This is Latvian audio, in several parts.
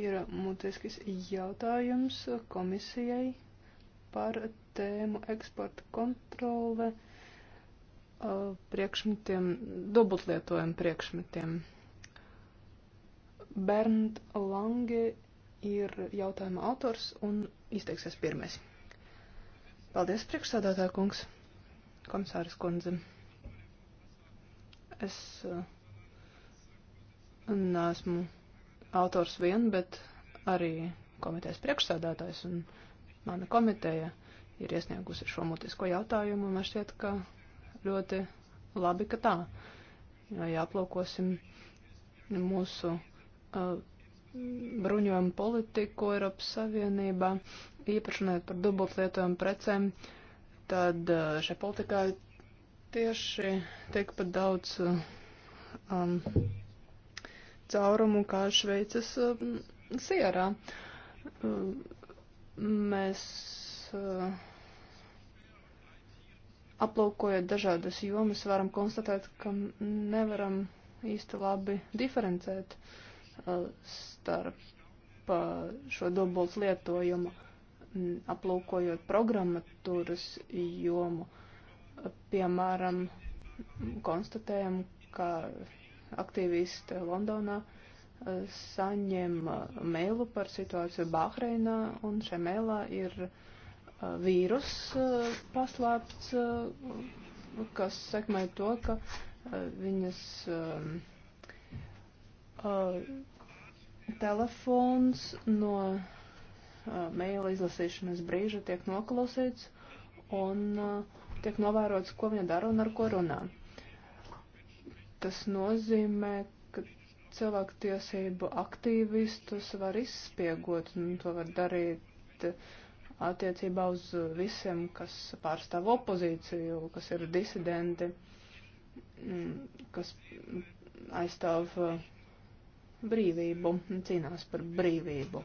ir mutiskis jautājums komisijai par tēmu eksporta kontrole uh, priekšmetiem, dubultlietojumu priekšmetiem. Bernd Lange ir jautājuma autors un izteiksies pirmais. Paldies, priekšsādātā kungs, komisāris kundze. Es uh, nesmu. Uh, autors vien, bet arī komitejas priekšsēdētājs un mana komiteja ir iesniegusi šo mutisko jautājumu, un man šķiet, ka ļoti labi, ka tā. Jo, ja aplūkosim mūsu uh, bruņojumu politiku Eiropas Savienībā, īpaši runājot par dubultlietojumu precēm, tad uh, šai politikā tieši tiek pat daudz uh, um, caurumu kā Šveices um, sierā. Um, mēs uh, aplaukojot dažādas jomas, varam konstatēt, ka nevaram īsti labi diferencēt uh, starp uh, šo dobols lietojumu, mm, aplaukojot programmatūras jomu. Piemēram, konstatējam, ka aktīvisti Londonā eh, saņēma eh, mailu par situāciju Bahreinā, un šajā mailā ir eh, vīrus paslēpts, kas sekmē to, ka viņas telefons no maila izlasīšanas brīža tiek noklausīts un tiek novērots, ko viņa dara un ar ko runā. Tas nozīmē, ka cilvēktiesību aktīvistus var izspiegot, un to var darīt attiecībā uz visiem, kas pārstāv opozīciju, kas ir disidenti, mm, kas aizstāv brīvību, cīnās par brīvību.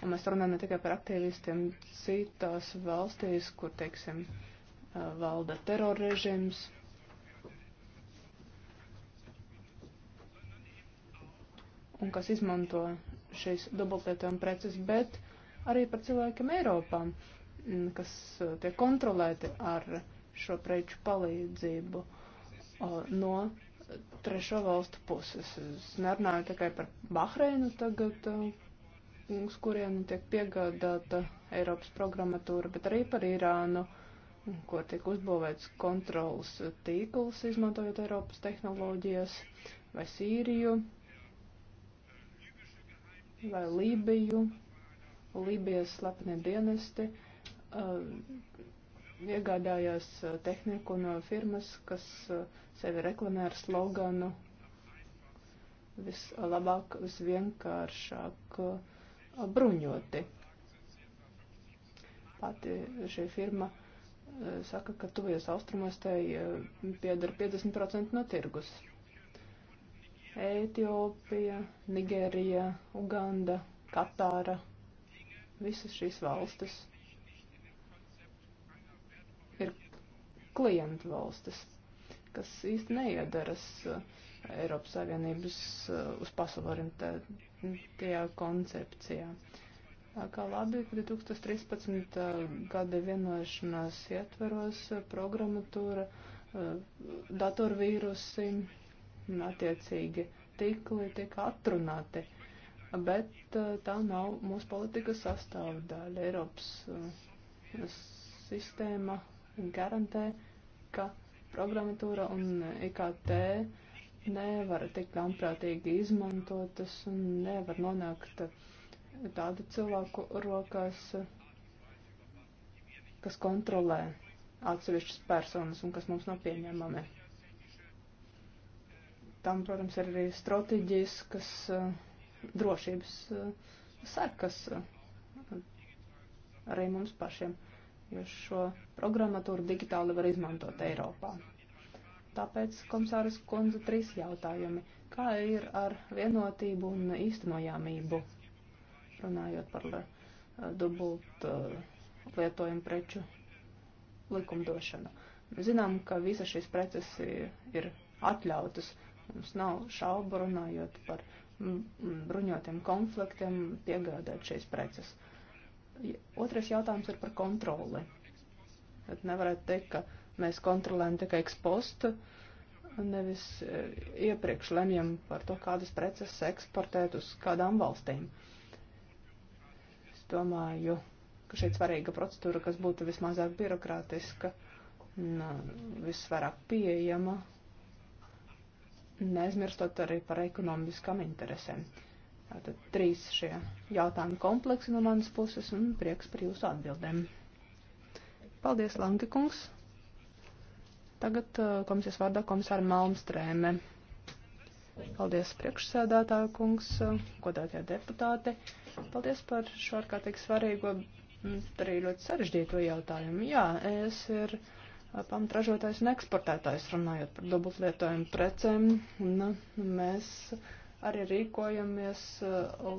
Un mēs runājam ne tikai par aktīvistiem citās valstīs, kur, teiksim, valda terorrežīms. Un kas izmanto šīs dubultietojuma preces, bet arī par cilvēkiem Eiropā, kas tiek kontrolēti ar šo preču palīdzību no trešo valstu puses. Es nerunāju tikai par Bahreinu tagad, uz kurienu tiek piegādāta Eiropas programmatūra, bet arī par Irānu, kur tiek uzbūvēts kontrols tīkls, izmantojot Eiropas tehnoloģijas, vai Sīriju, vai Lībiju, Lībijas slepeni dienesti. Uh, iegādājās uh, tehniku no firmas, kas uh, sevi reklamē ar sloganu vislabāk, visvienkāršāk. Uh, bruņoti. Pati šī firma eh, saka, ka tuvies austrumos tai eh, piedara 50% no tirgus. Ētiopija, Nigērija, Uganda, Katāra, visas šīs valstis ir klientu valstis, kas īsti neiedaras eh, Eiropas Savienības uz pasauli orientētā tajā koncepcijā. Kā labi, 2013. gada vienošanās ietveros programmatūra, datorvīrusi, attiecīgi tikli tika atrunāti, bet tā nav mūsu politikas sastāvdaļa. Eiropas sistēma garantē, ka programmatūra un IKT nevar tikt ļaunprātīgi izmantotas un nevar nonākt tādu cilvēku rokās, kas kontrolē atsevišķas personas un kas mums nav pieņemami. Tam, protams, ir arī strateģiskas drošības sekas arī mums pašiem, jo šo programmatūru digitāli var izmantot Eiropā. Tāpēc, komisāras kundze, trīs jautājumi. Kā ir ar vienotību un īstenojāmību, runājot par eh, dubult eh, lietojumu preču likumdošanu? Zinām, ka visas šīs preces ir atļautas. Mums nav šaubu runājot par mm, mm, bruņotiem konfliktiem piegādāt šīs preces. Otrais jautājums ir par kontroli. Tad nevarētu teikt, ka Mēs kontrolējam tikai ekspostu, nevis eh, iepriekš lemjam par to, kādas preces eksportēt uz kādām valstīm. Es domāju, ka šeit svarīga procedūra, kas būtu vismazāk birokrātiska un visvairāk pieejama, neaizmirstot arī par ekonomiskām interesēm. Tātad trīs šie jautājumi kompleksi no manas puses un prieks par jūsu atbildēm. Paldies, Lanka kungs! Tagad uh, komisijas vārdā komisāra Malmstrēme. Paldies priekšsēdētāju kungs, godātie deputāti. Paldies par šo ārkārtīgi svarīgo, mm, arī ļoti sarežģīto jautājumu. Jā, es ir uh, pamatražotājs un eksportētājs runājot par dubultlietojumu precēm. Un uh, mēs arī rīkojamies,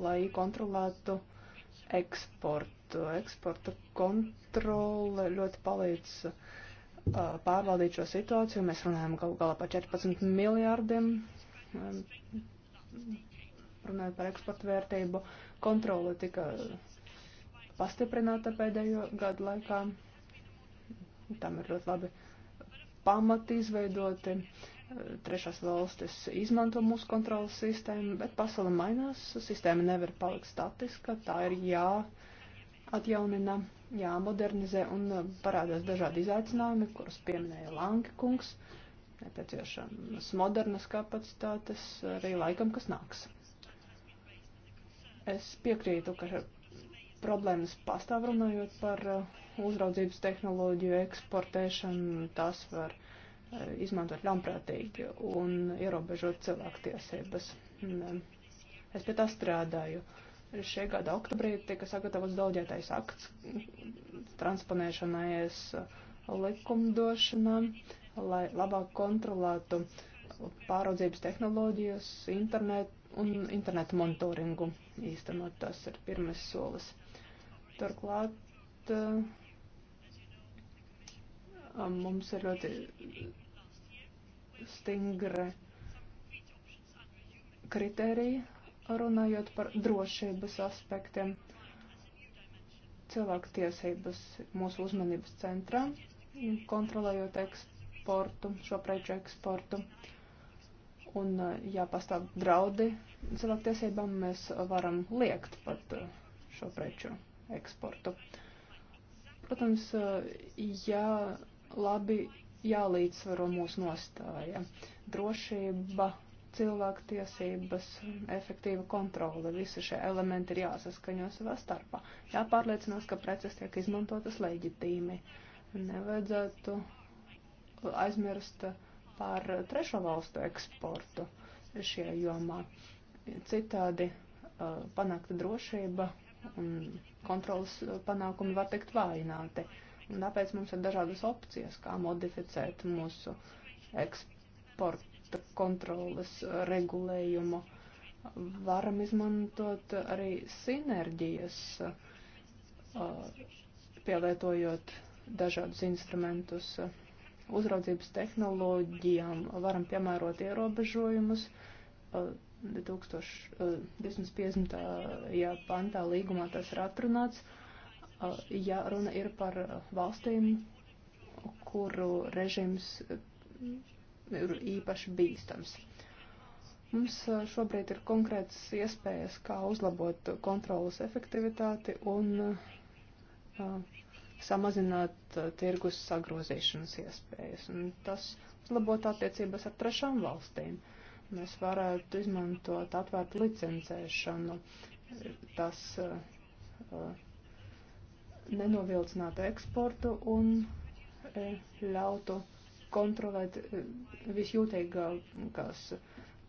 lai kontrolētu eksportu. Eksporta kontrole ļoti palīdz uh, pārvaldīt šo situāciju. Mēs runājam galu galā par 14 miljārdiem, runājot par eksporta vērtību. Kontrole tika pastiprināta pēdējo gadu laikā. Tam ir ļoti labi pamati izveidoti. Trešās valstis izmanto mūsu kontrolas sistēmu, bet pasaule mainās. Sistēma nevar palikt statiska, tā ir jā. Ja jāatjaunina, jāmodernizē un uh, parādās dažādi izaicinājumi, kurus pieminēja Lanka kungs. Nepieciešamas modernas kapacitātes arī laikam, kas nāks. Es piekrītu, ka problēmas pastāv runājot par uh, uzraudzības tehnoloģiju eksportēšanu. Tas var uh, izmantot ļaunprātīgi un ierobežot cilvēku tiesības. Um, es pie tā strādāju. Uh, Šie gada oktobrī tika sagatavots daudzietais akts transponēšanai es likumdošanā, lai labāk kontrolētu pāraudzības tehnoloģijas, internetu un internetu monitoringu. Īstenot tas ir pirmais solis. Turklāt eh, mums ir ļoti stingri kriteriji runājot par drošības aspektiem. Cilvēku tiesības mūsu uzmanības centrā, kontrolējot eksportu, šo preču eksportu. Un, eh, ja pastāv draudi cilvēktiesībām, mēs varam liekt pat eh, šo preču eksportu. Protams, eh, ja labi jālīdzsvaro mūsu nostāja. Drošība cilvēku tiesības, efektīva kontrole. Visi šie elementi ir jāsaskaņo savā starpā. Jāpārliecinās, ka preces tiek izmantotas leģitīmi. Nevajadzētu aizmirst par trešo valstu eksportu šajā jomā. Citādi panākta drošība un kontrolas panākumi var tikt vājināti. Un tāpēc mums ir dažādas opcijas, kā modificēt mūsu eksportu budžeta kontrolas regulējumu, varam izmantot arī sinerģijas, pielietojot dažādus instrumentus uzraudzības tehnoloģijām, varam piemērot ierobežojumus. 2050. Jā, pantā līgumā tas ir atrunāts. Ja runa ir par valstīm, kuru režīms ir īpaši bīstams. Mums šobrīd ir konkrētas iespējas, kā uzlabot kontrolas efektivitāti un uh, samazināt uh, tirgus sagrozīšanas iespējas. Un tas uzlabot attiecības ar trešām valstīm. Mēs varētu izmantot atvērtu licencēšanu, tas uh, nenovilcinātu eksportu un ļautu kontrolēt eh, visjūtīgākās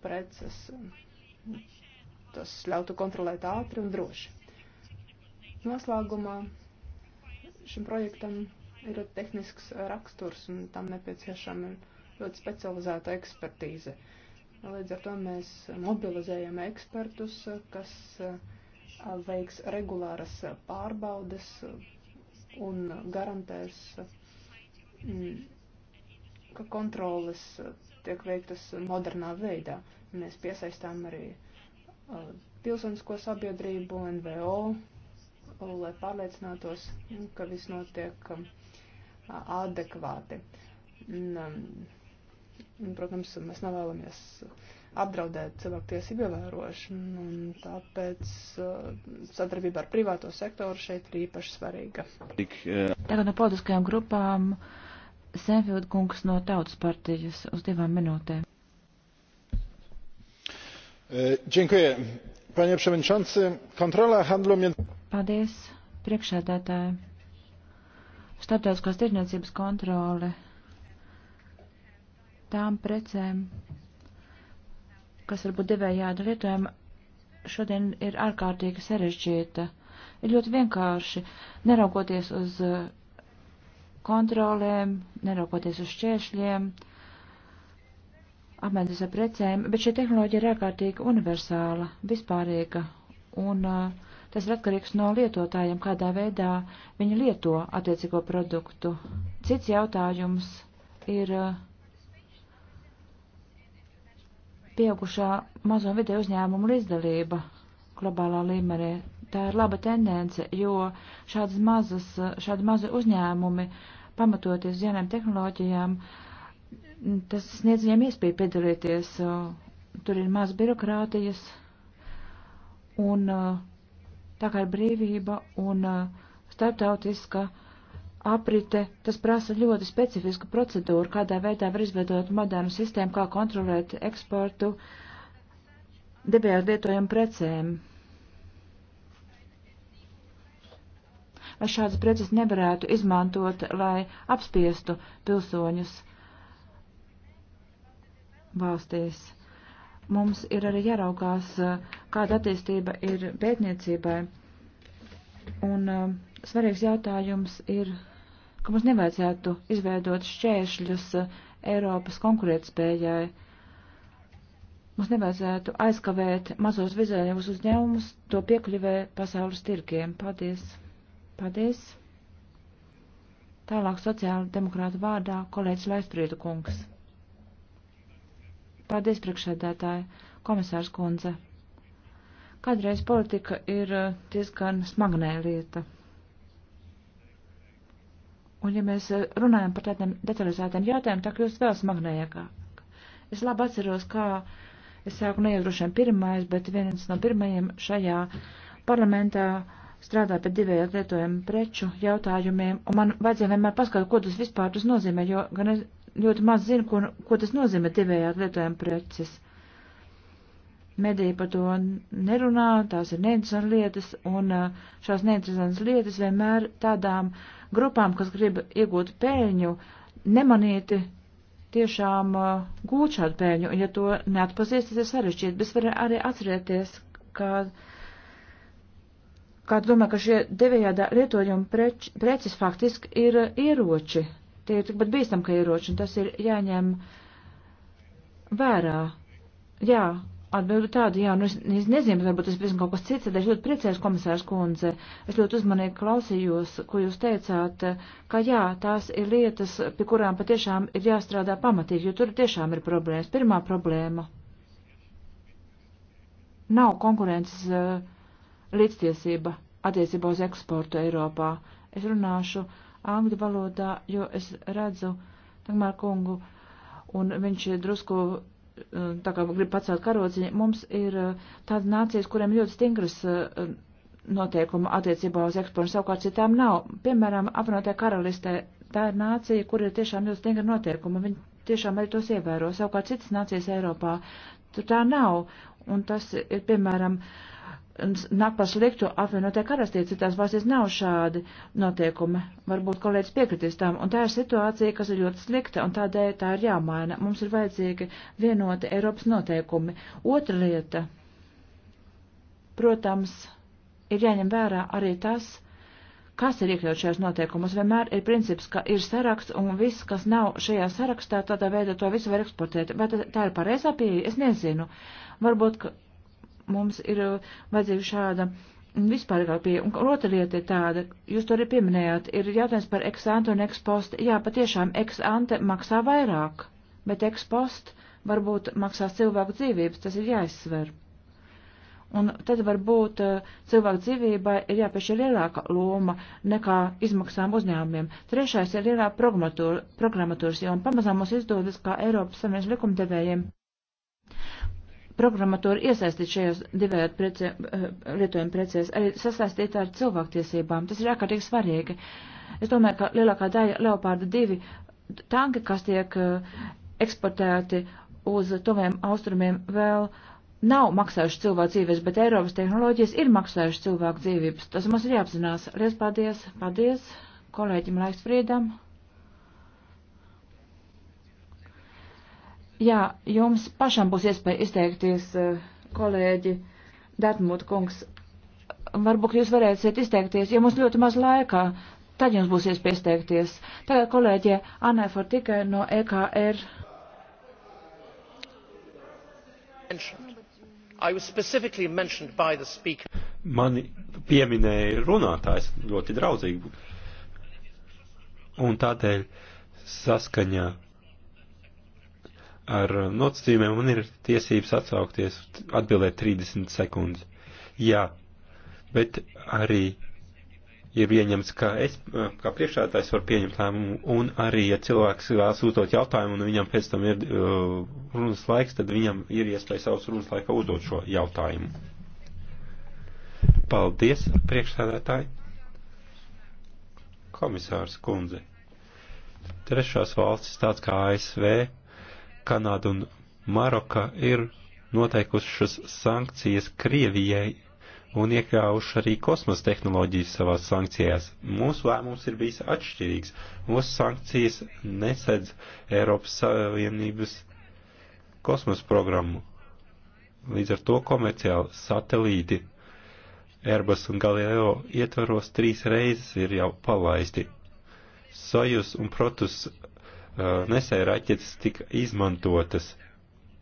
preces. Tas ļautu kontrolēt ātri un droši. Noslēgumā šim projektam ir tehnisks raksturs un tam nepieciešama ļoti specializēta ekspertīze. Līdz ar to mēs mobilizējam ekspertus, kas eh, veiks regulāras pārbaudes un garantēs mm, ka kontroles uh, tiek veiktas modernā veidā. Mēs piesaistām arī uh, pilsonisko sabiedrību, NVO, uh, lai pārliecinātos, mm, ka viss notiek um, adekvāti. Um, un, protams, mēs nevēlamies apdraudēt cilvēku tiesību ievērošanu, un tāpēc sadarbība ar privāto sektoru šeit ir īpaši svarīga. Tagad no politiskajām grupām. Uh, Sēnfield kungs no Tautas partijas uz divām minūtēm. E, dziękuję. Panie Przewodniczący, kontrola handlu między... Paldies, priekšsēdētāji. Starptautiskās tirdzniecības kontrole tām precēm, kas varbūt devējādi lietojama, šodien ir ārkārtīgi sarežģīta. Ir ļoti vienkārši, neraugoties uz uh, kontrolēm, neraugoties uz šķēršļiem, apmaiņas ar precēm, bet šī tehnoloģija ir ārkārtīgi universāla, vispārīga, un uh, tas ir atkarīgs no lietotājiem, kādā veidā viņi lieto attiecīgo produktu. Cits jautājums ir uh, pieaugušā mazo vidē uzņēmumu līdzdalība globālā līmenī tā ir laba tendence, jo šādas mazas, šādi mazi uzņēmumi pamatoties jaunām tehnoloģijām, tas sniedz viņiem iespēju piedalīties. Uh, tur ir maz birokrātijas, un uh, tā kā ir brīvība un uh, starptautiska aprite, tas prasa ļoti specifisku procedūru, kādā veidā var izveidot modernu sistēmu, kā kontrolēt eksportu debējot lietojumu precēm. vai šādas preces nevarētu izmantot, lai apspiestu pilsoņus valstīs. Mums ir arī jāraugās, kāda attīstība ir pētniecībai. Un uh, svarīgs jautājums ir, ka mums nevajadzētu izveidot šķēršļus uh, Eiropas konkurētspējai. Mums nevajadzētu aizkavēt mazos vizējos uzņēmumus to piekļuvē pasaules tirkiem. Paldies! Paldies. Tālāk sociāla demokrāta vārdā kolēģis Laispriedu kungs. Paldies, priekšsēdētāji, komisārs kundze. Kādreiz politika ir eh, diezgan smagnē lieta. Un ja mēs eh, runājam par tādiem detalizētiem jautājumiem, tā kļūst vēl smagnējākāk. Es labi atceros, kā es sāku neiedrošiem pirmais, bet viens no pirmajiem šajā parlamentā strādāju pie divējā lietojumu preču jautājumiem, un man vajadzēja vienmēr paskatīt, ko tas vispār tas nozīmē, jo gan es ļoti maz zinu, ko, ko tas nozīmē divējā lietojumu preces. Medija par to nerunā, tās ir neinteresantas lietas, un šās neinteresantas lietas vienmēr tādām grupām, kas grib iegūt pēļņu, nemanīti tiešām uh, gūt šādu pēļņu, un ja to neatpazīst, tas ir sarežģīti, bet var arī atcerēties, ka uh, kā domā, ka šie devējādā lietojuma preč, preces faktiski ir uh, ieroči. Tie ir tikpat bīstam, ka ieroči, un tas ir jāņem vērā. Jā, atbildu tādu, jā, nu es, es nezinu, varbūt tas bija kaut kas cits, tad es ļoti priecājos, komisārs kundze. Es ļoti uzmanīgi klausījos, ko jūs teicāt, ka jā, tās ir lietas, pie kurām patiešām ir jāstrādā pamatīgi, jo tur tiešām ir problēmas. Pirmā problēma nav konkurences. Uh, līdztiesība attiecībā uz eksportu Eiropā. Es runāšu angļu valodā, jo es redzu Dagmāru kungu, un viņš drusku eh, tā kā grib pacelt karodziņu. Mums ir eh, tādas nācijas, kuriem ļoti stingras eh, noteikuma attiecībā uz eksportu, savukārt citām nav. Piemēram, apvienotā karalistē tā ir nācija, kur ir tiešām ļoti stingra noteikuma. Viņi tiešām arī tos ievēro. Savukārt citas nācijas Eiropā tur tā nav. Un tas ir, piemēram, uh, nāk par sliktu apvienotie karastie, citās valstīs nav šādi notiekumi. Varbūt kolēģis piekritīs tam, un tā ir situācija, kas ir ļoti slikta, un tādēļ tā ir jāmaina. Mums ir vajadzīgi vienoti Eiropas noteikumi. Otra lieta, protams, ir jāņem vērā arī tas, kas ir iekļauts šajos noteikumos. Vienmēr ir princips, ka ir saraksts, un viss, kas nav šajā sarakstā, tādā veidā to visu var eksportēt. Vai tā ir pareizā pieeja? Es nezinu. Varbūt, ka mums ir uh, vajadzīga šāda vispārīgā pieeja. Un otra lieta ir tāda, jūs to arī pieminējāt, ir jautājums par ex-ante un ex-post. Jā, patiešām ex-ante maksā vairāk, bet ex-post varbūt maksās cilvēku dzīvības, tas ir jāizsver. Un tad varbūt uh, cilvēku dzīvībai ir jāpiešķir lielāka loma nekā izmaksām uzņēmumiem. Trešais ir lielā programmatūras, programmatūras, jo pamazām mums izdodas kā Eiropas Savienības likumdevējiem programmatori iesaistīt šajos divējot prece, eh, lietojumu precēs, arī sasaistīt ar cilvēktiesībām. Tas ir ārkārtīgi svarīgi. Es domāju, ka lielākā daļa Leopārda divi tanki, kas tiek eh, eksportēti uz tuviem austrumiem, vēl nav maksājuši cilvēku dzīves, bet Eiropas tehnoloģijas ir maksājuši cilvēku dzīvības. Tas mums ir jāapzinās. Lies paldies, paldies kolēģim Laiksfrīdam. Jā, jums pašam būs iespēja izteikties, eh, kolēģi Datmūta kungs. Varbūt jūs varēsiet izteikties, ja mums ļoti maz laikā, tad jums būs iespēja izteikties. Tagad kolēģie Anē Fortika no EKR. Mani pieminēja runātājs ļoti draudzīgi. Un tādēļ saskaņā ar notstījumiem, man ir tiesības atsaukties, atbildēt 30 sekundes. Jā, bet arī ir pieņemts, ka es kā priekšētājs varu pieņemt lēmumu, un arī, ja cilvēks vēlas uzdot jautājumu, un viņam pēc tam ir uh, runas laiks, tad viņam ir iespēja savus runas laika uzdot šo jautājumu. Paldies, priekšsēdētāji. Komisārs kundze. Trešās valstis tāds kā ASV Kanāda un Maroka ir noteikušas sankcijas Krievijai un iekļāvuši arī kosmosa tehnoloģijas savās sankcijās. Mūsu lēmums ir bijis atšķirīgs. Mūsu sankcijas nesedz Eiropas Savienības kosmosa programmu. Līdz ar to komerciāli satelīti Airbus un Galileo ietvaros trīs reizes ir jau palaisti. Sojus un Protus nesēja raķetes tika izmantotas,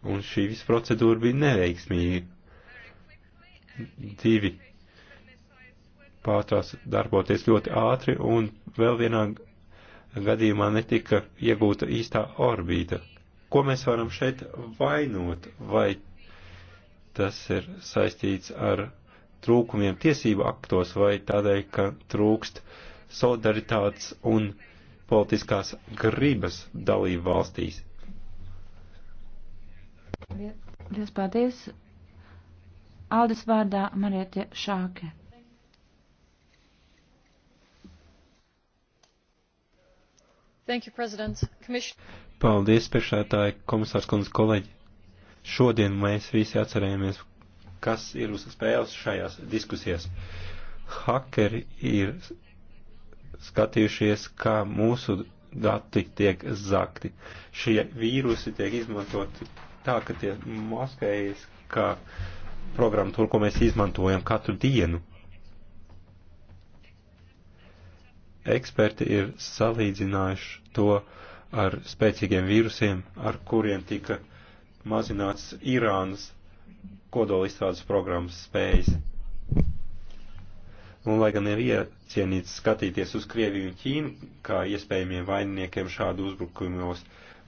un šī visa procedūra bija neveiksmīga. Divi pārtrās darboties ļoti ātri, un vēl vienā gadījumā netika iegūta īstā orbīta. Ko mēs varam šeit vainot, vai tas ir saistīts ar trūkumiem tiesību aktos, vai tādēļ, ka trūkst solidaritātes un uh, politiskās gribas dalību valstīs. Liels paldies! Aldas vārdā Marietē Šāke. Thank you, President. Commission... Paldies, priekšētāji, komisārs kundze, kolēģi. Šodien mēs visi atcerējamies, kas ir uz spēles šajās diskusijās. Hakeri ir skatījušies, kā mūsu dati tiek zakti. Šie vīrusi tiek izmantoti tā, ka tie maskējas kā programmatūra, ko mēs izmantojam katru dienu. Eksperti ir salīdzinājuši to ar spēcīgiem vīrusiem, ar kuriem tika mazināts Irānas kodolizstādes programmas spējas. Un, lai gan ir iecienīts skatīties uz Krieviju un Ķīnu kā iespējamiem vaininiekiem šādu uzbrukumos,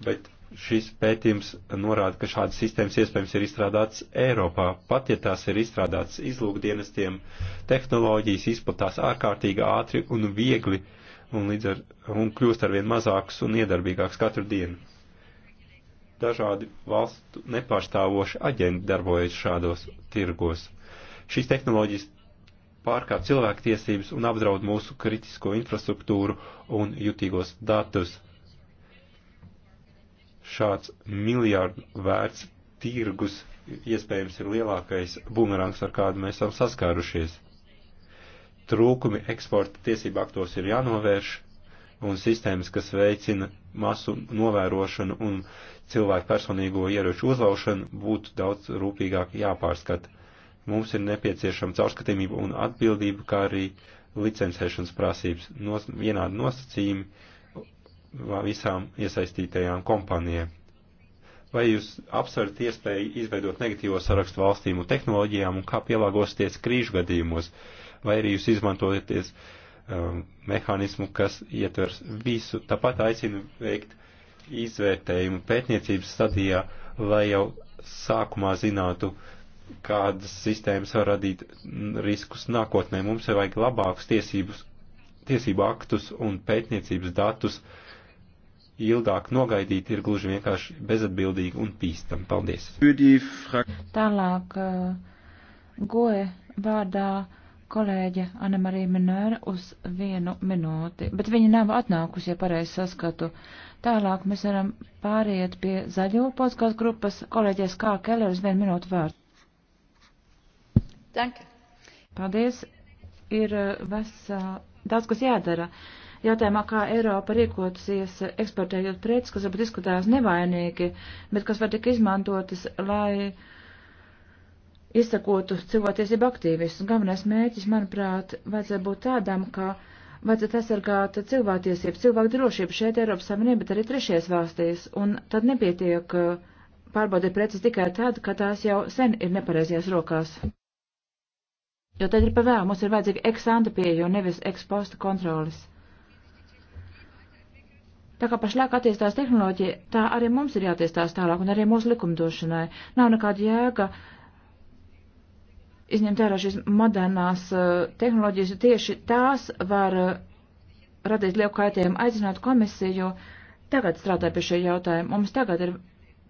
bet šis pētījums norāda, ka šādas sistēmas iespējams ir izstrādātas Eiropā. Pat ja tās ir izstrādātas izlūkdienestiem, tehnoloģijas izplatās ārkārtīgi ātri un viegli un, līdz ar, un kļūst arvien mazākas un iedarbīgākas katru dienu. Dažādi valstu nepārstāvoši aģenti darbojas šādos tirgos šīs tehnoloģijas pārkāp cilvēktiesības un apdraud mūsu kritisko infrastruktūru un jutīgos datus. Šāds miljārdu vērts tirgus iespējams ir lielākais bumerangs, ar kādu mēs esam saskārušies. Trūkumi eksporta tiesību aktos ir jānovērš, un sistēmas, kas veicina masu novērošanu un cilvēku personīgo ieroču uzlaušanu, būtu daudz rūpīgāk jāpārskata Mums ir nepieciešama caurskatāmība un atbildība, kā arī licencēšanas prasības, nos, vienādi nosacījumi visām iesaistītajām kompānijām. Vai jūs apsverat iespēju izveidot negatīvo sarakstu valstīm un tehnoloģijām un kā pielāgosieties krīžu gadījumos, vai arī jūs izmantojaties um, mehānismu, kas ietvers visu. Tāpat aicinu veikt izvērtējumu pētniecības stadijā, lai jau sākumā zinātu, uh, kādas sistēmas var radīt riskus nākotnē. Mums ir vajag labākus tiesības, tiesību aktus un pētniecības datus. Ilgāk nogaidīt ir gluži vienkārši bezatbildīgi un pīstam. Paldies! Tālāk uh, goe vārdā kolēģe Anemarija Minēra uz vienu minūti, bet viņa nav atnākusi, ja pareizi saskatu. Tālāk mēs varam pāriet pie zaļo podskās grupas kolēģies kā Keller uz vienu minūtu vārdu. Danke. Paldies. Ir eh, vesā, daudz, kas jādara. Jātājumā, kā Eiropa rīkotusies, eksportējot preces, kas varbūt izskatās nevainīgi, bet kas var tik izmantotas, lai izsakotu cilvēktiesību aktīvistus. Galvenais mērķis, manuprāt, vajadzētu būt tādam, ka vajadzētu aizsargāt cilvēktiesības, cilvēku drošību šeit Eiropas Savienībā, bet arī trešajās valstīs, un tad nepietiek eh, pārbaudīt preces tikai tad, kad tās jau sen ir nepareizajās rokās. Jo tagad ir pavēl, mums ir vajadzīga eksanta pieeja un nevis eksposta kontrolas. Tā kā pašlaik attīstās tehnoloģija, tā arī mums ir jātīstās tālāk un arī mūsu likumdošanai. Nav nekāda jēga izņemt ārā šīs modernās uh, tehnoloģijas, jo tieši tās var uh, radīt lielu kaitējumu. Aicināt komisiju tagad strādāt pie šī jautājuma. Mums tagad ir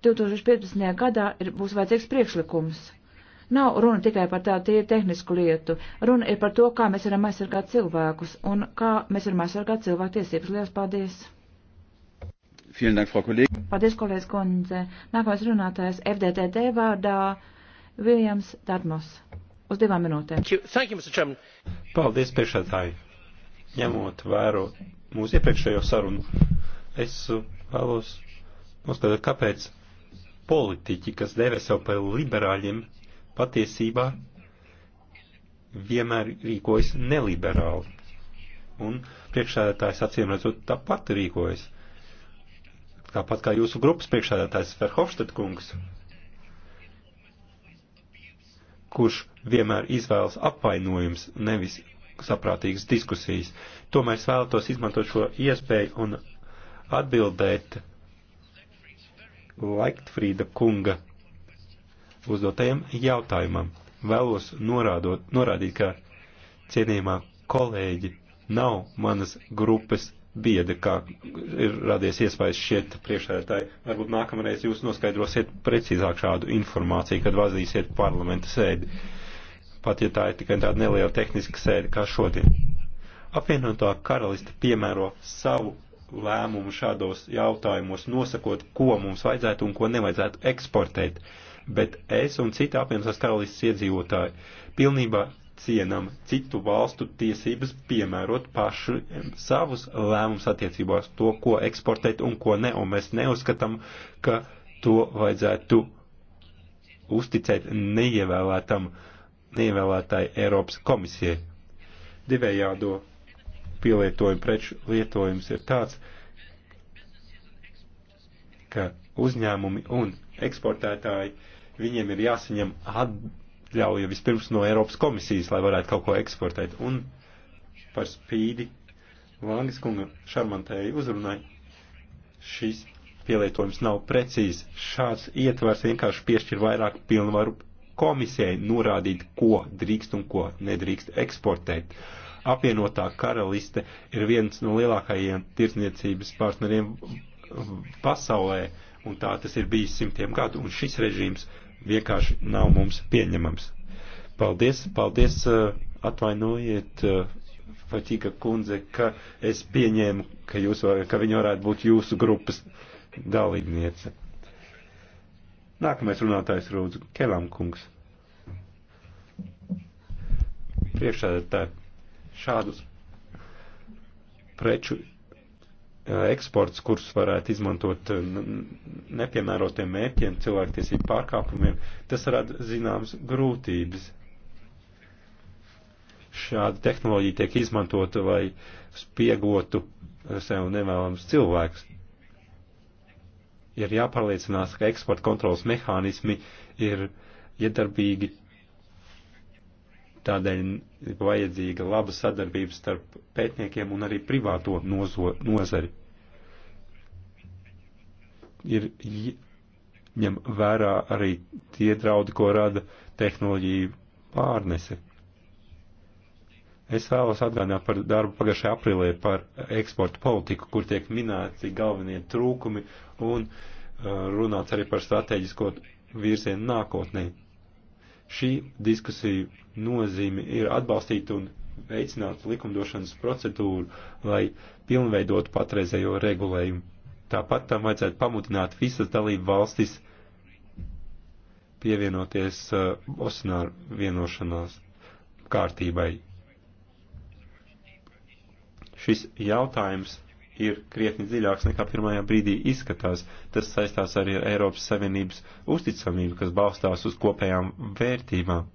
2015. gadā ir, būs vajadzīgs priekšlikums. Nav runa tikai par tādu tie tehnisku lietu. Runa ir par to, kā mēs varam aizsargāt cilvēkus un kā mēs varam aizsargāt cilvēku tiesības. Lielas paldies! Dank, Frau Paldies, kolēģis Kundze. Nākamais runātājs FDTD vārdā Viljams Darmos. Uz divām minūtēm. Thank you, Mr. Chairman. Paldies, priekšētāji. Ņemot vēro mūsu iepriekšējo sarunu, es vēlos uzskatīt, kāpēc politiķi, kas devē sev par liberāļiem, patiesībā vienmēr rīkojas neliberāli. Un priekšsēdētājs acīm redzot tāpat rīkojas. Tāpat kā jūsu grupas priekšsēdētājs Verhofstadt kungs, kurš vienmēr izvēlas apvainojums, nevis saprātīgas diskusijas. Tomēr es vēlētos izmantot šo iespēju un atbildēt Laiktfrīda kunga uzdotajam jautājumam. Vēlos norādot, norādīt, ka cienījumā kolēģi nav manas grupas bieda, kā ir radies iespējas šeit priekšsēdētāji. Varbūt nākamreiz jūs noskaidrosiet precīzāk šādu informāciju, kad vadīsiet parlamenta sēdi. Pat ja tā ir tikai tāda neliela tehniska sēde kā šodien. Apvienotā karaliste piemēro savu lēmumu šādos jautājumos, nosakot, ko mums vajadzētu un ko nevajadzētu eksportēt. Uh, bet es un citi apvienotās karalistas iedzīvotāji pilnībā cienam citu valstu tiesības piemērot pašu savus lēmumus attiecībās to, ko eksportēt un ko ne, un mēs neuzskatām, ka to vajadzētu uzticēt neievēlētam, neievēlētāji Eiropas komisijai. Divējādo pielietojumu preču lietojums ir tāds, ka uzņēmumi un eksportētāji uh, viņiem ir jāsaņem atļauja vispirms no Eiropas komisijas, lai varētu kaut ko eksportēt. Un par spīdi Langas kunga šarmantēji uzrunai šīs pielietojums nav precīzi. Šāds ietvars vienkārši piešķir vairāk pilnvaru komisijai norādīt, ko drīkst un ko nedrīkst eksportēt. Apvienotā karaliste ir viens no lielākajiem tirsniecības partneriem pasaulē, un tā tas ir bijis simtiem gadu, un šis režīms vienkārši nav mums pieņemams. Paldies, paldies, eh, atvainojiet, eh, Fatīka kundze, ka es pieņēmu, ka, jūs, ka viņa varētu būt jūsu grupas dalībniece. Nākamais runātājs rūdzu, Kelam kungs. Priekšādētāji, šādus preču eksports, kurus varētu izmantot nepiemērotiem mērķiem, cilvēktiesību pārkāpumiem, tas rada zināmas grūtības. Šāda tehnoloģija tiek izmantota, lai spiegotu sev nevēlams cilvēks. Ir jāpārliecinās, ka eksporta kontrolas mehānismi ir iedarbīgi Tādēļ ir vajadzīga laba sadarbība starp pētniekiem un arī privāto nozo, nozari. Ir ņem vērā arī tie draudi, ko rada tehnoloģija pārnese. Es vēlos atgādināt par darbu pagājušajā aprilē par eksportu politiku, kur tiek minēti galvenie trūkumi un uh, runāts arī par strateģisko virzienu nākotnē. Šī diskusija nozīme ir atbalstīt un veicināt likumdošanas procedūru, lai pilnveidot patreizējo regulējumu. Tāpat tam vajadzētu pamudināt visas dalību valstis pievienoties uh, Bosnāru vienošanās kārtībai. Šis jautājums ir krietni dziļāks nekā pirmajā brīdī izskatās. Tas saistās arī ar Eiropas Savienības uzticamību, kas balstās uz kopējām vērtībām.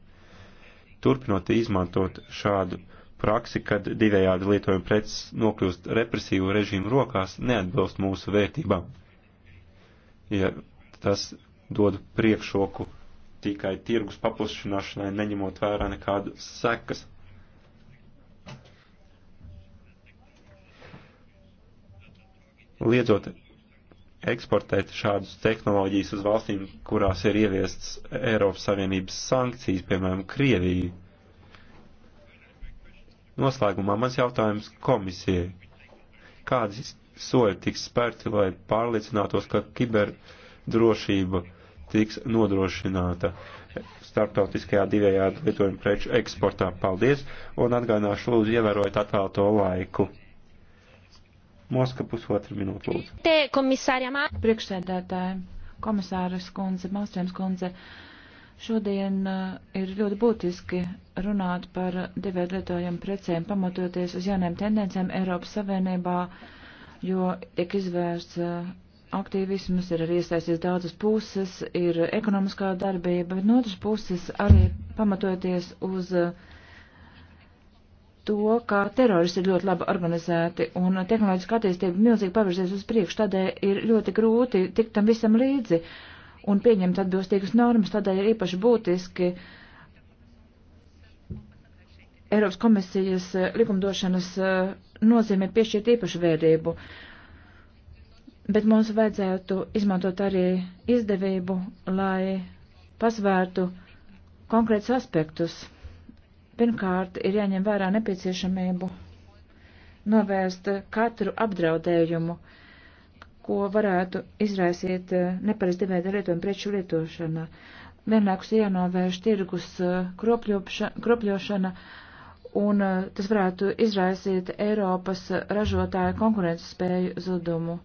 Turpinot izmantot šādu praksi, kad divējādi lietojuma preces nokļūst represīvu režīmu rokās, neatbilst mūsu vērtībām. Ja tas dod priekšroku tikai tirgus paplašināšanai, neņemot vērā nekādas sekas liedzot eksportēt šādas tehnoloģijas uz valstīm, kurās ir ieviests Eiropas Savienības sankcijas, piemēram, Krieviju. Noslēgumā mans jautājums komisijai. Kādas soļi tiks spērti, lai pārliecinātos, ka kiberdrošība tiks nodrošināta starptautiskajā divējādi lietojuma preču eksportā? Paldies, un atgādināšu lūdzu ievērojot atvēlto laiku. Moska pusotra minūte, lūdzu. Te komisārija Mā. Priekšsēdētāji, komisāras kundze, Malstrēms kundze, šodien uh, ir ļoti būtiski runāt par divēd lietojumu precēm, pamatoties uz jauniem tendencēm Eiropas Savienībā, jo tiek izvērsts uh, aktīvismus, ir arī iesaistīts daudzas puses, ir ekonomiskā darbība, bet no otras puses arī pamatoties uz uh, to, ka teroristi ir ļoti labi organizēti un tehnoloģiska attīstība milzīgi pavirzies uz priekšu, tādēļ ir ļoti grūti tikt tam visam līdzi un pieņemt atbilstīgas normas, tādēļ ir īpaši būtiski Eiropas komisijas eh, likumdošanas eh, nozīmē piešķirt īpašu vērību. Bet mums vajadzētu izmantot arī izdevību, lai pasvērtu konkrētus aspektus Pirmkārt, ir jāņem vērā nepieciešamību novērst katru apdraudējumu, ko varētu izraisīt eh, nepareiz divēda lietojuma preču lietošana. Vienlaikus ir jānovērš tirgus eh, kropļošana, un eh, tas varētu izraisīt Eiropas ražotāju konkurences spēju zudumu,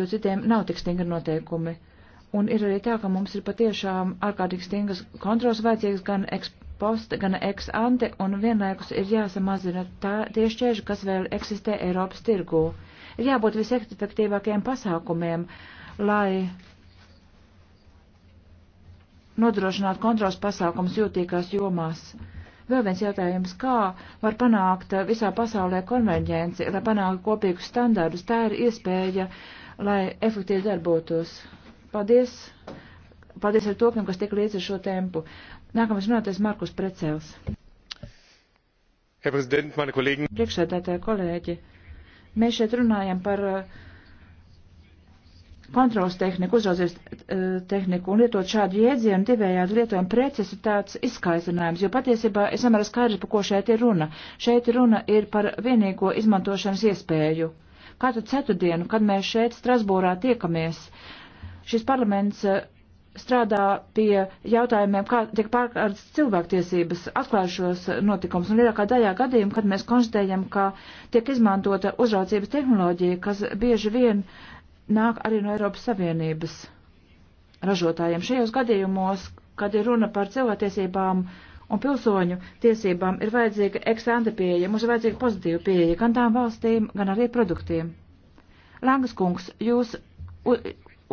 jo citiem nav tik stingri noteikumi. Un ir arī tā, ka mums ir patiešām ārkārtīgi stingras kontrols vajadzīgs gan eksportētājiem, posta, gan ex ante, un vienlaikus ir jāsamazina tā, tie šķieži, kas vēl eksistē Eiropas tirgū. Ir jābūt visefektīvākajiem pasākumiem, lai nodrošinātu kontrols pasākums jūtīgās jomās. Vēl viens jautājums, kā var panākt visā pasaulē konverģenci, lai panāktu kopīgus standārdus. Tā ir iespēja, lai efektīvi darbotos. Paldies! Paldies ar to, kam kas tik līdz ar šo tempu. Nākamais runātais Markus Precels. Herr Präsident, meine Kollegen. Priekšsēdētāji kolēģi, mēs šeit runājam par uh, kontrolas tehniku, uzraudzības uh, tehniku un lietot šādu jēdzienu divējādi lietojumu preces ir tāds izskaisinājums, jo patiesībā es samērā skaidrs, par ko šeit ir runa. Šeit runa ir par vienīgo izmantošanas iespēju. Katru ceturtdienu, kad mēs šeit Strasbūrā tiekamies, šis parlaments uh, strādā pie jautājumiem, kā tiek pārkārtas cilvēktiesības, atklāju šos notikumus. Un lielākā daļā gadījumā, kad mēs konstatējam, ka tiek izmantota uzraudzības tehnoloģija, kas bieži vien nāk arī no Eiropas Savienības ražotājiem. Šajos gadījumos, kad ir runa par cilvēktiesībām un pilsoņu tiesībām, ir vajadzīga eksante pieeja, mums ir vajadzīga pozitīva pieeja gan tām valstīm, gan arī produktiem. Langas kungs, jūs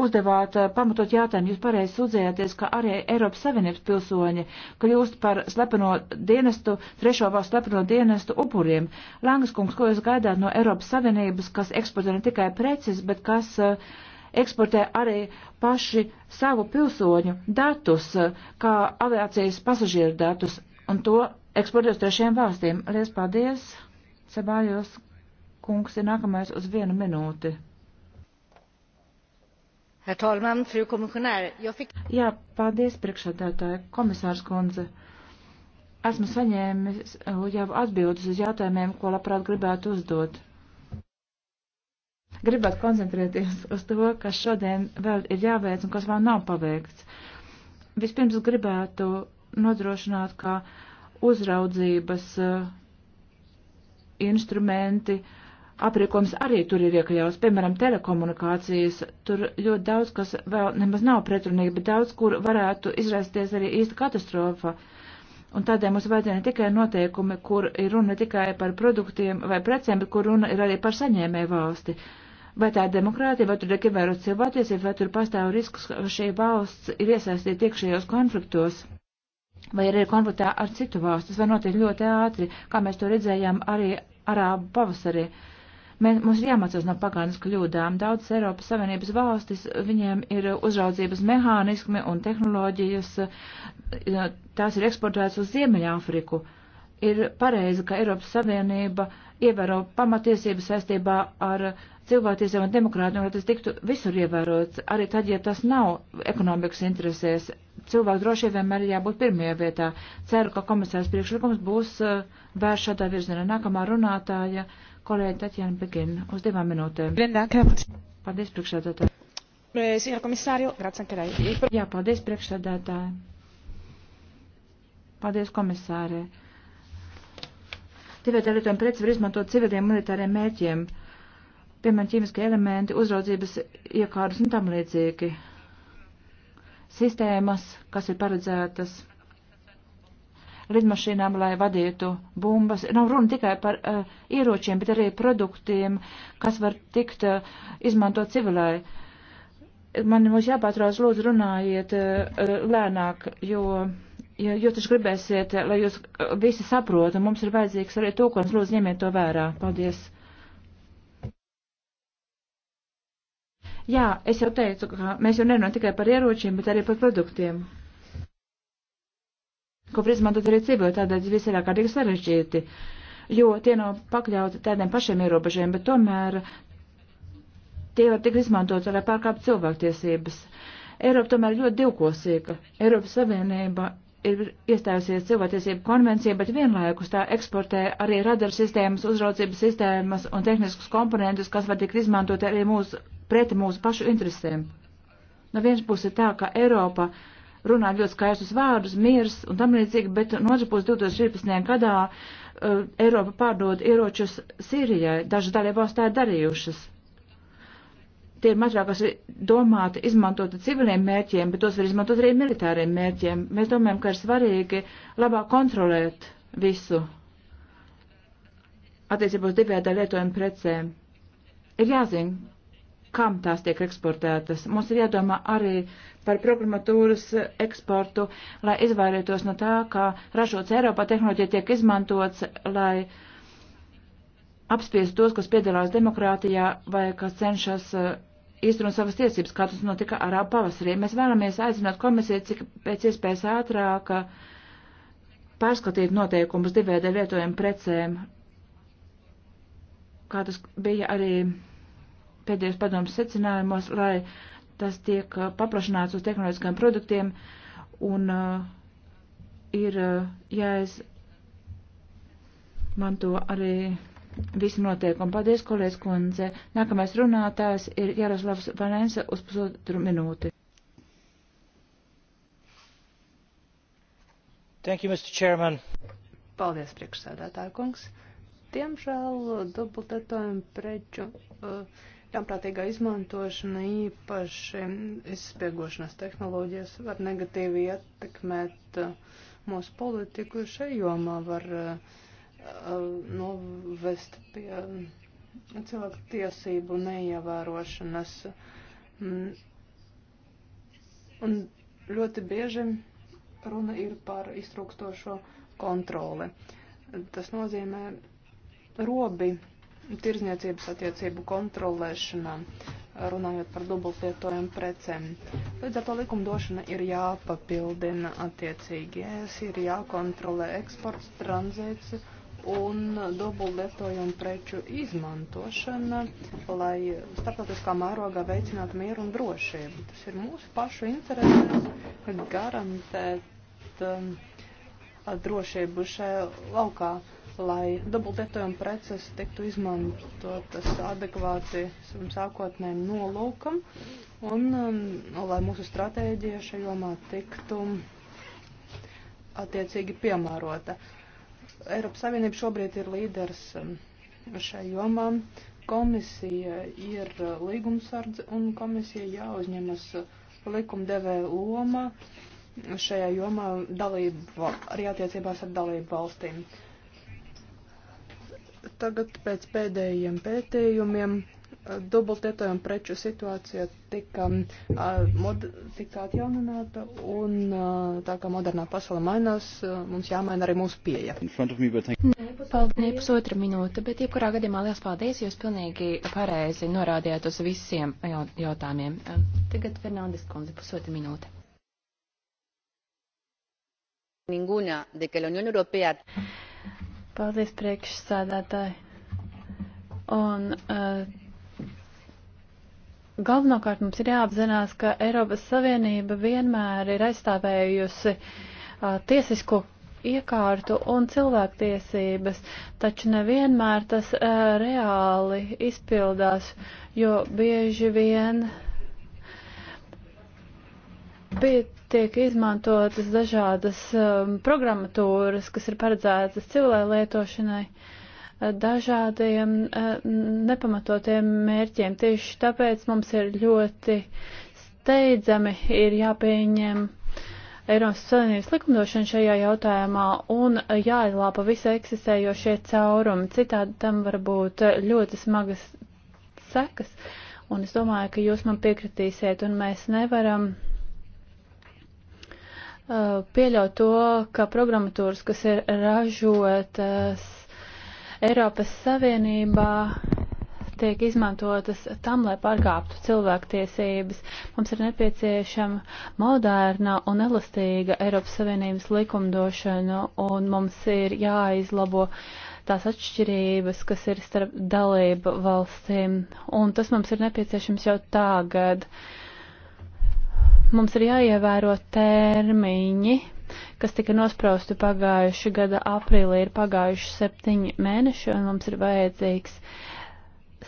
uzdevāt eh, pamatot jautājumu, jūs pareizi sūdzējāties, ka arī Eiropas Savienības pilsoņi kļūst par slepeno dienestu, trešo valstu slepeno dienestu upuriem. Langas kungs, ko jūs gaidāt no Eiropas Savienības, kas eksportē ne tikai preces, bet kas eh, eksportē arī paši savu pilsoņu datus, eh, kā aviācijas pasažieru datus, un to eksportē uz trešiem valstīm. Lies paldies! Sebājos kungs ir nākamais uz vienu minūti. Herr talman, fru komisionēr, jo fik... Jā, paldies, priekšādātāja komisārs kundze. Esmu saņēmis uh, jau atbildes uz jautājumiem, ko labprāt gribētu uzdot. Gribētu koncentrēties uz to, kas šodien vēl ir jāveic un kas vēl nav paveikts. Vispirms gribētu nodrošināt, ka uzraudzības uh, instrumenti uh, aprīkojums arī tur ir iekļauts, piemēram, telekomunikācijas, tur ļoti daudz, kas vēl nemaz nav pretrunīgi, bet daudz, kur varētu izraisties arī īsta katastrofa. Un tādēļ mums vajadzēja ne tikai noteikumi, kur ir runa ne tikai par produktiem vai precēm, bet kur runa ir arī par saņēmēju valsti. Vai tā ir demokrātija, vai tur ir ievērot cilvēktiesību, vai tur pastāv risks, ka šī valsts ir iesaistīta iekšējos konfliktos, vai arī ir konfliktā ar citu valstu. Tas var notikt ļoti ātri, kā mēs to redzējām arī arābu pavasarī. Uh, Mēs, mums ir jāmācās no pagātnes kļūdām. Daudzas Eiropas Savienības valstis, viņiem ir uzraudzības mehānismi un tehnoloģijas, tās ir eksportētas uz Ziemeļāfriku. Ir pareizi, ka Eiropas Savienība ievēro pamatiesības saistībā ar cilvēktiesībām un demokrātiem, lai tas tiktu visur ievērots, arī tad, ja tas nav ekonomikas interesēs. Cilvēku drošība vienmēr ir jābūt pirmajā vietā. Ceru, ka komisārs priekšlikums būs uh, vērš šādā virzienā. Nākamā runātāja kolēģi Tatjana Begina uz divām minūtēm. Paldies, priekšsēdētāji. Signor komisārio, grazie anche lei. Jā, paldies, priekšsēdētāji. Paldies, komisāre. Tibetā lietojuma preci var izmantot civiliem militāriem mērķiem, piemēram, ķīmiskie elementi, uzraudzības iekārtas un tam līdzīgi. Sistēmas, kas ir paredzētas lidmašīnām, lai vadītu bumbas. Nav nu, runa tikai par uh, ieročiem, bet arī produktiem, kas var tikt uh, izmantot civilai. Man mums jāpārtrauc, lūdzu, runājiet uh, lēnāk, jo. Ja jūs taču gribēsiet, lai jūs visi saprotu, mums ir vajadzīgs arī tūkojums, lūdzu, ņemiet to vērā. Paldies. Jā, es jau teicu, ka mēs jau nerunājam tikai par ieročiem, bet arī par produktiem ko var izmantot arī civili, tādēļ viss ir ārkārtīgi sarežģīti, jo tie nav pakļauti tādiem pašiem ierobežiem, bet tomēr tie var tikt izmantot, lai pārkāptu cilvēktiesības. Eiropa tomēr ļoti divkosīga. Eiropas Savienība ir iestājusies cilvēktiesību konvencija, bet vienlaikus tā eksportē arī radarsistēmas, uzraudzības sistēmas un tehniskus komponentus, kas var tikt izmantot arī mūsu, pret mūsu pašu interesēm. No vienas puses tā, ka Eiropa uh, runā ļoti skaistus vārdus, miers un tam līdzīgi, bet no otras puses 2014. gadā uh, Eiropa pārdod ieročus Sīrijai, dažas dalībās tā ir darījušas. Tie ir materiāli, kas ir domāti izmantot civiliem mērķiem, bet tos var izmantot arī militāriem mērķiem. Mēs domājam, ka ir svarīgi labāk kontrolēt visu attiecībā uz divējādā lietojuma precēm. Ir jāzina, kam tās tiek eksportētas. Mums ir jādomā arī par programmatūras eksportu, lai izvairītos no tā, ka ražots Eiropā tehnoloģija tiek izmantots, lai apspiest tos, kas piedalās demokrātijā vai kas cenšas īstenot uh, savas tiesības, kā tas notika arā pavasarī. Mēs vēlamies aicināt komisiju, cik pēc iespējas ātrāk uh, pārskatīt noteikumus divveidē lietojumu precēm, kā tas bija arī pēdējos padomus secinājumos, lai tas tiek uh, paplašināts uz tehnoloģiskiem produktiem un uh, ir uh, jāizmanto arī visi noteikumi. Paldies, kolēģis kundze. Nākamais runātājs ir Jaroslavs Valensa uz pusotru minūti. Thank you, Mr. Chairman. Paldies, priekšsēdētāja kungs. Diemžēl dubultētojumu preču. Uh, Ļaunprātīgā izmantošana īpaši izspiegošanas tehnoloģijas var negatīvi ietekmēt uh, mūsu politiku šai jomā, var uh, novest pie mm, cilvēku tiesību neievērošanas. Mm, un ļoti bieži runa ir par iztrūkstošo kontroli. Tas nozīmē robi tirzniecības attiecību kontrolēšanā, runājot par dubultlietojumu precēm. Līdz ar to likumdošana ir jāpapildina attiecīgi. Es ir jākontrolē eksports, tranzīts un dubultlietojumu preču izmantošana, lai starptautiskā mērogā veicinātu mieru un drošību. Tas ir mūsu pašu interesēs garantēt um, drošību šajā laukā lai dubultietojuma preces tiktu izmantotas adekvāti savam sākotnējiem nolūkam un um, lai mūsu stratēģija šajā jomā tiktu attiecīgi piemērota. Eiropas Savienība šobrīd ir līders um, šajā jomā. Komisija ir uh, līgumsardze un komisija jāuzņemas uh, likumdevēja loma šajā jomā dalību, arī attiecībās ar dalību valstīm. Uh, Tagad pēc pēdējiem pētījumiem eh, dubultietojuma preču situācija tika, eh, mod, tika atjaunināta un eh, tā kā modernā pasaule mainās, mums jāmaina arī mūsu pieeja. Paldies, pusotra minūte, bet jebkurā gadījumā liels paldies, jūs pilnīgi pareizi norādījāt uz visiem jautājumiem. Tagad Fernandes kundze, pusotra minūte. Ninguna de que la Unión Europea Paldies priekšsēdētāji. Un uh, galvenokārt mums ir jāapzinās, ka Eiropas Savienība vienmēr ir aizstāvējusi uh, tiesisko iekārtu un cilvēktiesības, taču nevienmēr tas uh, reāli izpildās, jo bieži vien pie tiek izmantotas dažādas um, programmatūras, kas ir paredzētas civilai lietošanai, uh, dažādiem uh, nepamatotiem mērķiem. Tieši tāpēc mums ir ļoti steidzami ir jāpieņem Eiropas Savienības likumdošana šajā jautājumā un jāizlāpa visi eksistējošie caurumi. Citādi tam var būt ļoti smagas sekas. Un es domāju, ka jūs man piekritīsiet, un mēs nevaram Eh, pieļaut to, ka programmatūras, kas ir ražotas Eiropas Savienībā, tiek izmantotas tam, lai pārkāptu cilvēktiesības. Mums ir nepieciešama modernā un elastīga Eiropas Savienības likumdošana, un mums ir jāizlabo tās atšķirības, kas ir starp dalību valstīm, un tas mums ir nepieciešams jau tagad. Uh, Mums ir jāievēro termiņi, kas tika nosprausti pagājuši gada aprīlī, ir pagājuši septiņi mēneši, un mums ir vajadzīgs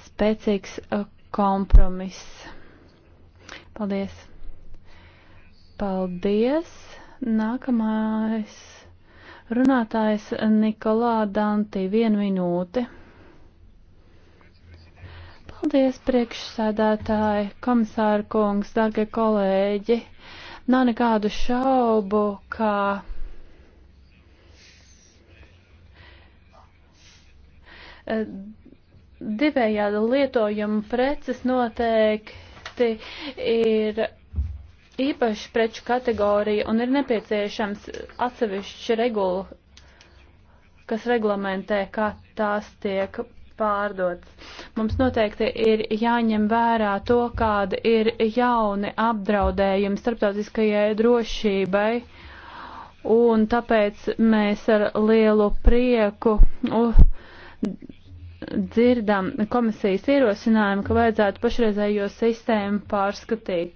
spēcīgs uh, kompromiss. Paldies! Paldies! Nākamais runātājs Nikolā Dantī, vienu minūti. Paldies, priekšsēdētāji, komisāra kungs, dargie kolēģi. Nav nekādu šaubu, ka divējādi lietojuma preces noteikti ir īpaši preču kategorija un ir nepieciešams atsevišķi regula, kas reglamentē, kā tās tiek pārdots. Mums noteikti ir jāņem vērā to, kāda ir jauni apdraudējumi starptautiskajai drošībai, un tāpēc mēs ar lielu prieku uh, dzirdam komisijas ierosinājumu, ka vajadzētu pašreizējo sistēmu pārskatīt.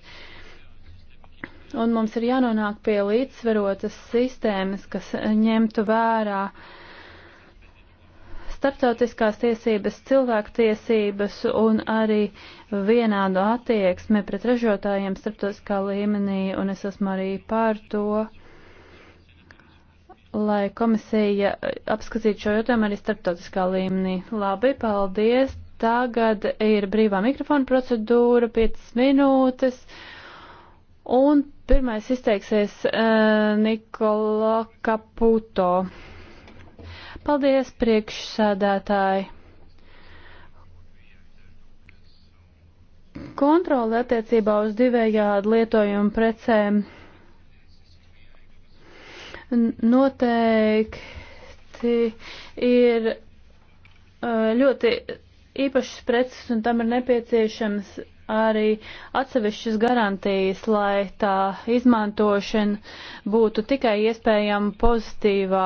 Un mums ir jānonāk pie līdzsverotas sistēmas, kas ņemtu vērā uh, starptautiskās tiesības, cilvēktiesības un arī vienādu attieksmi pret ražotājiem starptautiskā līmenī, un es esmu arī pār to, lai komisija apskatītu šo jautājumu arī starptautiskā līmenī. Labi, paldies! Tagad ir brīvā mikrofona procedūra, 5 minūtes, un pirmais izteiksies uh, Nikola Kaputo. Paldies, priekšsēdētāji! Kontrole attiecībā uz divējādu lietojumu precēm noteikti ir ļoti īpašas preces, un tam ir nepieciešams arī atsevišķas garantijas, lai tā izmantošana būtu tikai iespējama pozitīvā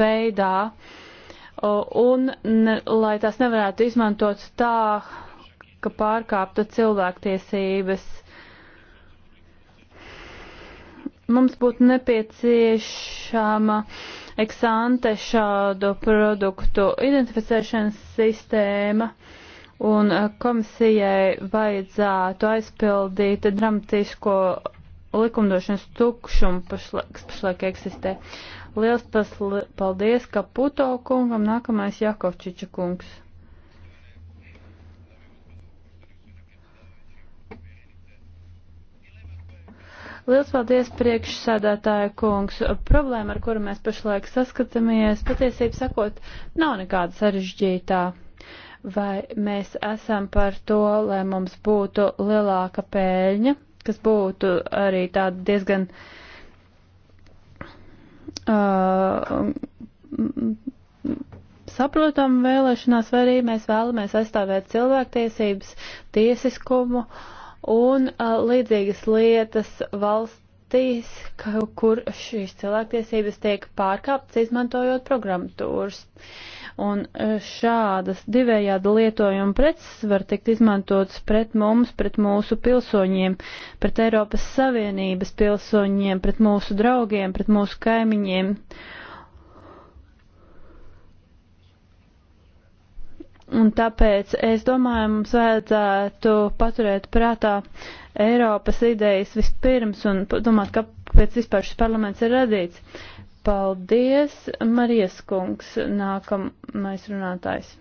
veidā, un ne, lai tās nevarētu izmantot tā, ka pārkāpta cilvēktiesības. Mums būtu nepieciešama uh, eksante šādu produktu identificēšanas sistēma un eh, komisijai vajadzētu aizpildīt dramatisko likumdošanas tukšumu, kas pašlaik eksistē. Liels paldies Kaputo kungam, nākamais Jakovčiča kungs. Liels paldies priekšsādātāja kungs. Problēma, ar kuru mēs pašlaik saskatāmies, patiesību sakot, nav nekāda sarežģītā. Vai mēs esam par to, lai mums būtu lielāka pēļņa, kas būtu arī tāda diezgan. Uh, saprotam vēlēšanās, vai arī mēs vēlamies aizstāvēt cilvēktiesības, tiesiskumu. Uh, un uh, līdzīgas lietas valstīs, ka, kur šīs cilvēktiesības tiek pārkāptas, izmantojot programmatūras. Un uh, šādas divējādi lietojuma preces var tikt izmantotas pret mums, pret mūsu pilsoņiem, pret Eiropas Savienības pilsoņiem, pret mūsu draugiem, pret mūsu kaimiņiem. Uh, Un tāpēc es domāju, mums vajadzētu paturēt prātā Eiropas idejas vispirms un domāt, kāpēc vispār šis parlaments ir radīts. Paldies, Marijas kungs, nākamais runātājs.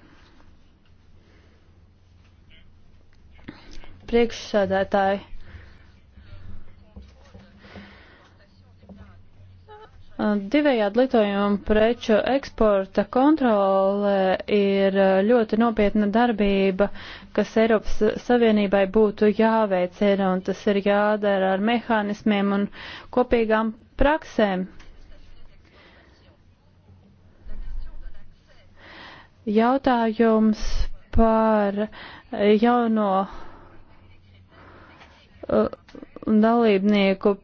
Priekšsēdētāji Divējādi lietojumu preču eksporta kontrole ir eh, ļoti nopietna darbība, kas Eiropas Savienībai būtu jāveic, ir, un tas ir jādara ar mehānismiem un kopīgām praksēm. Jautājums par jauno eh, dalībnieku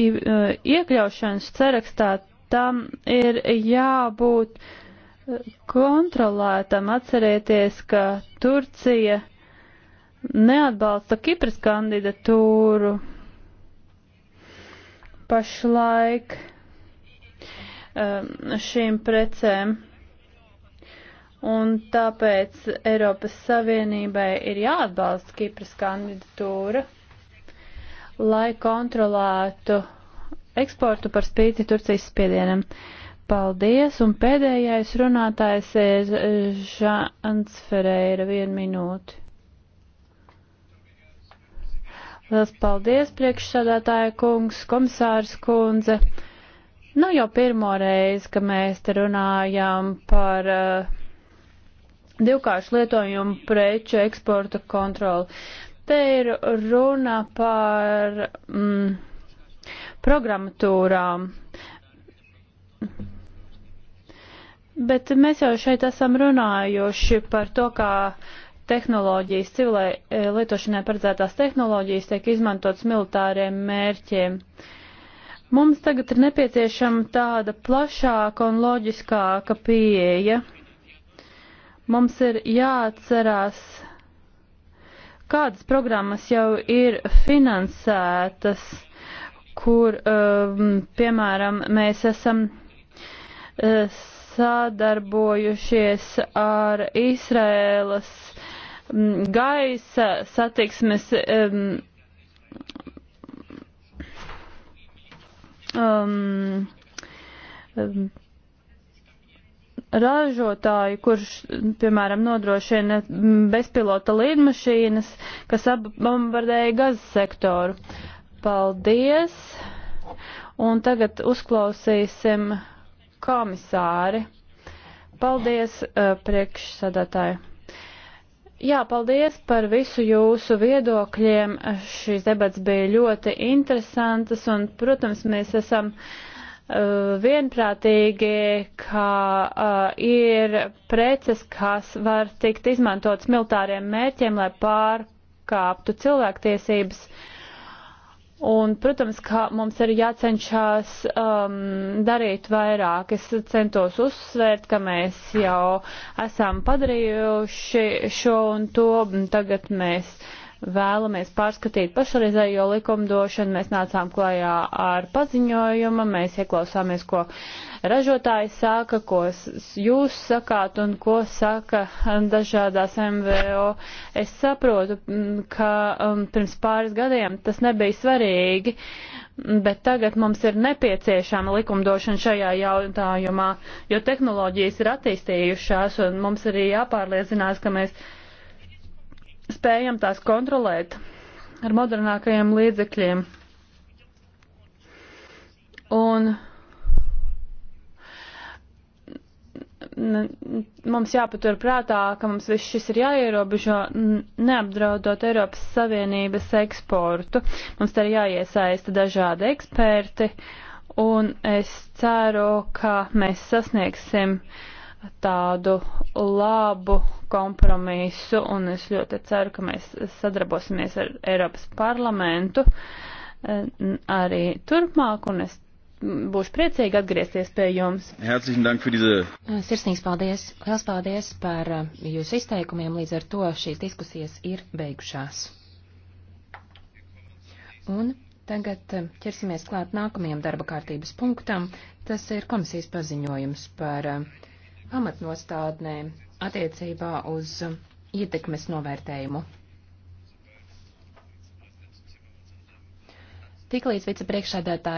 E, iekļaušanas sarakstā tam ir jābūt e, kontrolētam. Atcerieties, ka Turcija neatbalsta Kipras kandidatūru pašlaik e, šīm precēm. Un tāpēc Eiropas Savienībai ir jāatbalsta Kipras kandidatūra lai kontrolētu eksportu par spīti Turcijas spiedienam. Paldies, un pēdējais runātājs ir eh, Žants Ferreira, vienu minūti. Liels paldies, priekšsādātāja kungs, komisārs kundze. Nu, jau pirmo reizi, ka mēs te runājam par uh, divkāršu lietojumu preču eksporta kontroli. Te ir runa par mm, programmatūrām. Bet mēs jau šeit esam runājuši par to, kā tehnoloģijas, civilai e, lietošanai paredzētās tehnoloģijas tiek izmantotas militāriem mērķiem. Mums tagad ir nepieciešama tāda plašāka un loģiskāka pieeja. Mums ir jāatcerās kādas programmas jau ir finansētas, kur, um, piemēram, mēs esam uh, sadarbojušies ar Izraēlas um, gaisa satiksmes um, um, um ražotāju, kurš, piemēram, nodrošina mm, bezpilota līdmašīnas, kas bombardēja gazas sektoru. Paldies! Un tagad uzklausīsim komisāri. Paldies, eh, priekšsadatāji! Jā, paldies par visu jūsu viedokļiem. Šīs debats bija ļoti interesantas un, protams, mēs esam uh, Eh, vienprātīgi, ka uh, ir preces, kas var tikt izmantotas militāriem mērķiem, lai pārkāptu cilvēktiesības. Un, protams, ka mums ir jācenšas um, darīt vairāk. Es centos uzsvērt, ka mēs jau esam padarījuši šo un to, un tagad mēs uh, vēlamies pārskatīt pašreizējo likumdošanu. Mēs nācām klajā ar paziņojumu, mēs ieklausāmies, ko ražotāji saka, ko jūs sakāt un ko saka dažādās MVO. Es saprotu, mm, ka um, pirms pāris gadiem tas nebija svarīgi, bet tagad mums ir nepieciešama likumdošana šajā jautājumā, jo tehnoloģijas ir attīstījušās un mums arī jāpārliecinās, ka mēs spējam tās kontrolēt ar modernākajiem līdzekļiem. Un mums jāpatur prātā, ka mums viss šis ir jāierobežo, neapdraudot Eiropas Savienības eksportu. Mums te ir jāiesaista dažādi eksperti, un es ceru, ka mēs sasniegsim uh, tādu labu kompromisu, un es ļoti ceru, ka mēs sadarbosimies ar Eiropas parlamentu eh, arī turpmāk, un es būšu priecīgi atgriezties pie jums. Eh, sirsnīgs paldies! Liels paldies par eh, jūsu izteikumiem, līdz ar to šīs diskusijas ir beigušās. Un Tagad ķersimies klāt nākamajam darba kārtības punktam. Tas ir komisijas paziņojums par pamatnostādnēm attiecībā uz ietekmes novērtējumu. Tiklīdz vicepriekšādātā